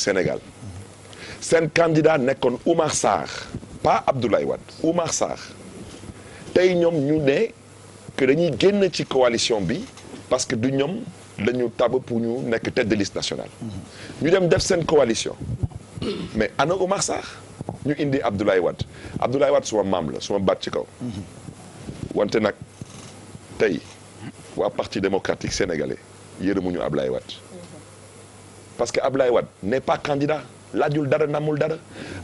Sénégal seen candidat nekkoon Oumar Sarr pas Abdoulaye Wade Oumar Sarr tey ñoom ñu ne que dañuy génn ci coalition bi parce que du ñoom la ñu tab pour ñu nekk tête de liste ñu dem def seen coalition mais ana Oumar Sarr ñu indi Abdoulaye Wade Abdoulaye Wade suma maam la suma baat ci kaw. wante nag tey waa parti démocratique sénégalais yërëmuñu Abdoulaye Wade. parce que Ablaye Wade n'est pas candidat laajul dara namul dara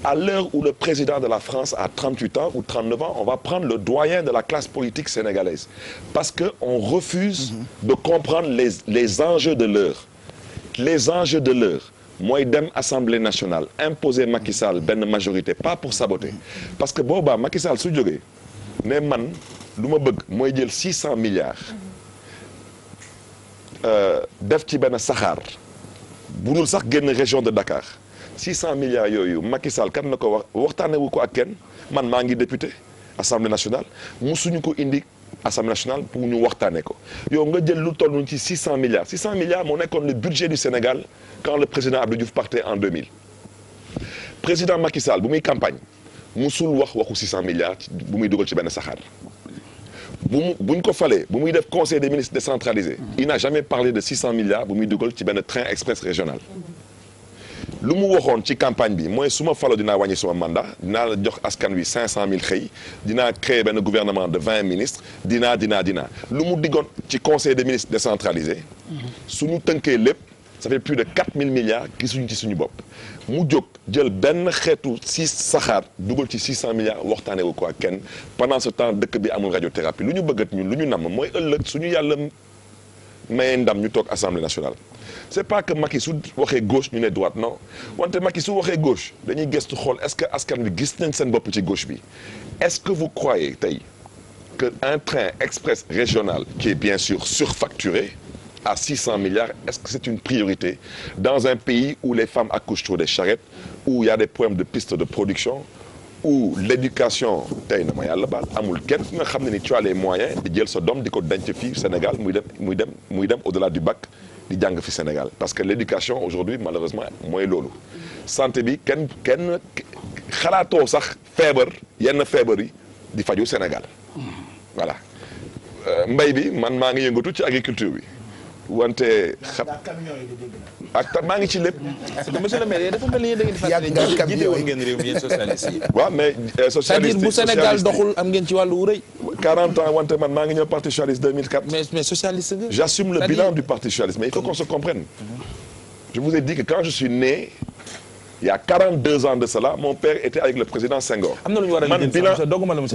à l'heure où le président de la France a 38 ans ou 39 ans on va prendre le doyen de la classe politique sénégalaise parce que on refuse mm -hmm. de comprendre les les enjeux de l'heure les enjeux de l'heure mooy dem assemblée nationale imposer Macky Sall benn majorité pas pour saboter mhm. parce que boobaa Macky Sall su jógee ne man lu ma bëgg mooy jël 600 milliards mhm. euh, def ci benn saxaar bunul sax génn région de Dakar 600 milliards yooyu Macky Sall kan la ko wax waxtaanee wu ko ak kenn man maa ngi député assemblée nationale musuñu ko indi assemblée nationale pour ñu waxtaanee ko yow nga jël lu toll ci 600 milliards 600 milliards moo nekkoon le budget du Sénégal quand le président Abdou Diouf partait en président Macky Sall bu muy campagne musul wax waxu 600 milliards bu muy dugal ci benn saxaar. bu mu bu ko falee bu muy def conseil des ministres décentralisé. il n'a jamais parlé de 600 milliards bu muy dugal ci benn train express régional. lu mu waxoon ci campagne bi mooy su ma falo dinaa wàññi suma mandat dinaa la jox askan wi cinq cent mille xëy dinaa créer benn gouvernement de 20 ministres dinaa dinaa dinaa lu mu diggoon ci conseil des ministres décentralisé. su ñu tënkee lépp. ça fait plus de 4000 milliards gisuñu ci suñu bopp mu jóg jël benn xeetu si saxaar dugal ci 600 milliards waxtaanewu ko ak kenn pendant ce temps dëkk bi amul radiothérapie lu ñu bëggat ñun lu ñu namm mooy ëllëg suñu yàlla mayee ndam ñu toog assemblée national c'est pas que Macky su waxee gauche ñu ne droite non wante Macky su waxee gauche dañuy gëstu xool est-ce que askan bi gis nañ seen bopp ci gauche bi est-ce que vous tey que un train express régional qui est bien sûr surfacturé à 600 milliards, est-ce que c'est une priorité dans un pays où les femmes accouchent sur des charrettes, où il des problèmes de pistes de production, où l'éducation tey na ma yàlla baal amul kenn ku nga xam ne ni tu as les moyens di jël sa doom di ko denc fii Sénégal muy dem muy dem muy dem au-delà du bac di jàng fi Sénégal parce que l'éducation aujourd'hui malheureusement moy loolu santé bi kenn kenn xalaatoo sax feebar yenn feebar yi di faju Sénégal voilà euh, mbay bi man maa ngi yëngatu ci agriculture bi wante xam ak maa ngi ci lépp. monsieur le maire dafa mel ni yéen da ngeen di fàttali jiite woon ngeen réew mi yéen socialiste yi. waaw mais euh, socialiste c'est-à-dire bu Sénégal doxul am ngeen ci wàllu wu rëy. 40 ans wante man maa ngi ñëw parti socialiste 2004. mais mais socialiste nga. j'assume le bilan du parti socialiste mais il faut qu'on se comprenne. je vous ai dit que quand je suis né. il y a 42 ans de cela mon père était avec le président Senghor. am na lu ñu war a man bilan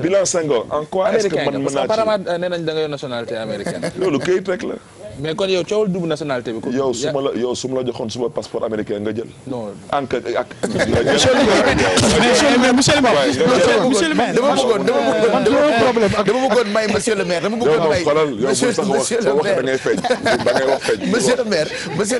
bilan Senghor en quoi est-ce que man mën naa ci. apparemment euh, nee nañ da ngay nationalité américaine. loolu këyit rek la. mais kon yow coowal double nationalité bi. yow su ma la yow su ma la joxoon suma passeport américain nga jël. non monsieur le maire monsieur le maire bëggoon dama bëggoon dama problème dama bëggoon may monsieur le maire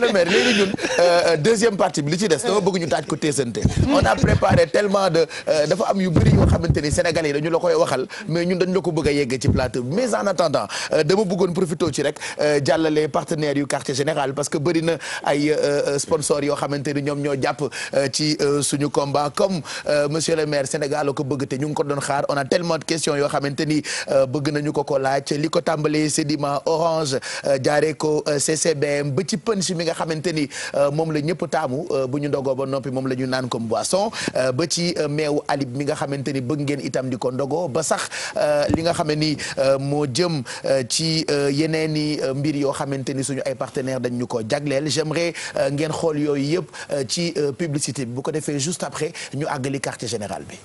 dama léegi ñun euh, deuxième partie bi li ci des dama bëgg ñu taaj ko teesante. on a préparé tellement de euh, dafa am yu bëri yoo xamante ni Sénégalais dañu la koy waxal mais ñun dañu la ko bëgg a yeggee ci plateau mais en attendant euh, dama bëggoon profité ci rek jàll jàllale partenaires yu quartier général parce que bëri ay euh, euh, sponsors yoo xamante ni ñoom ñoo jàpp euh, ci suñu combat comme monsieur le maire Sénégal ko bëgg te ñu ngi ko doon xaar on a tellement de questions yoo xamante bëgg nañu ko ko laaj li ko tàmbalee Sedima Orange jaaree ko CCBM ba ci punch mi nga xamante ni moom la ñëpp taamu bu ñu ba noppi moom la ñu naan comme boisson ba ci meewu alib mi nga xamante ni bëgg ngeen itam di ko ndogoo ba sax li nga xam ni i mbir yoo xamante ni suñu ay partenaires dañ ñu ko jagleel j'aimerais euh, ngeen xool yooyu yëpp euh, ci euh, publicité bi bu ko defee juste après ñu àggali quartier général bi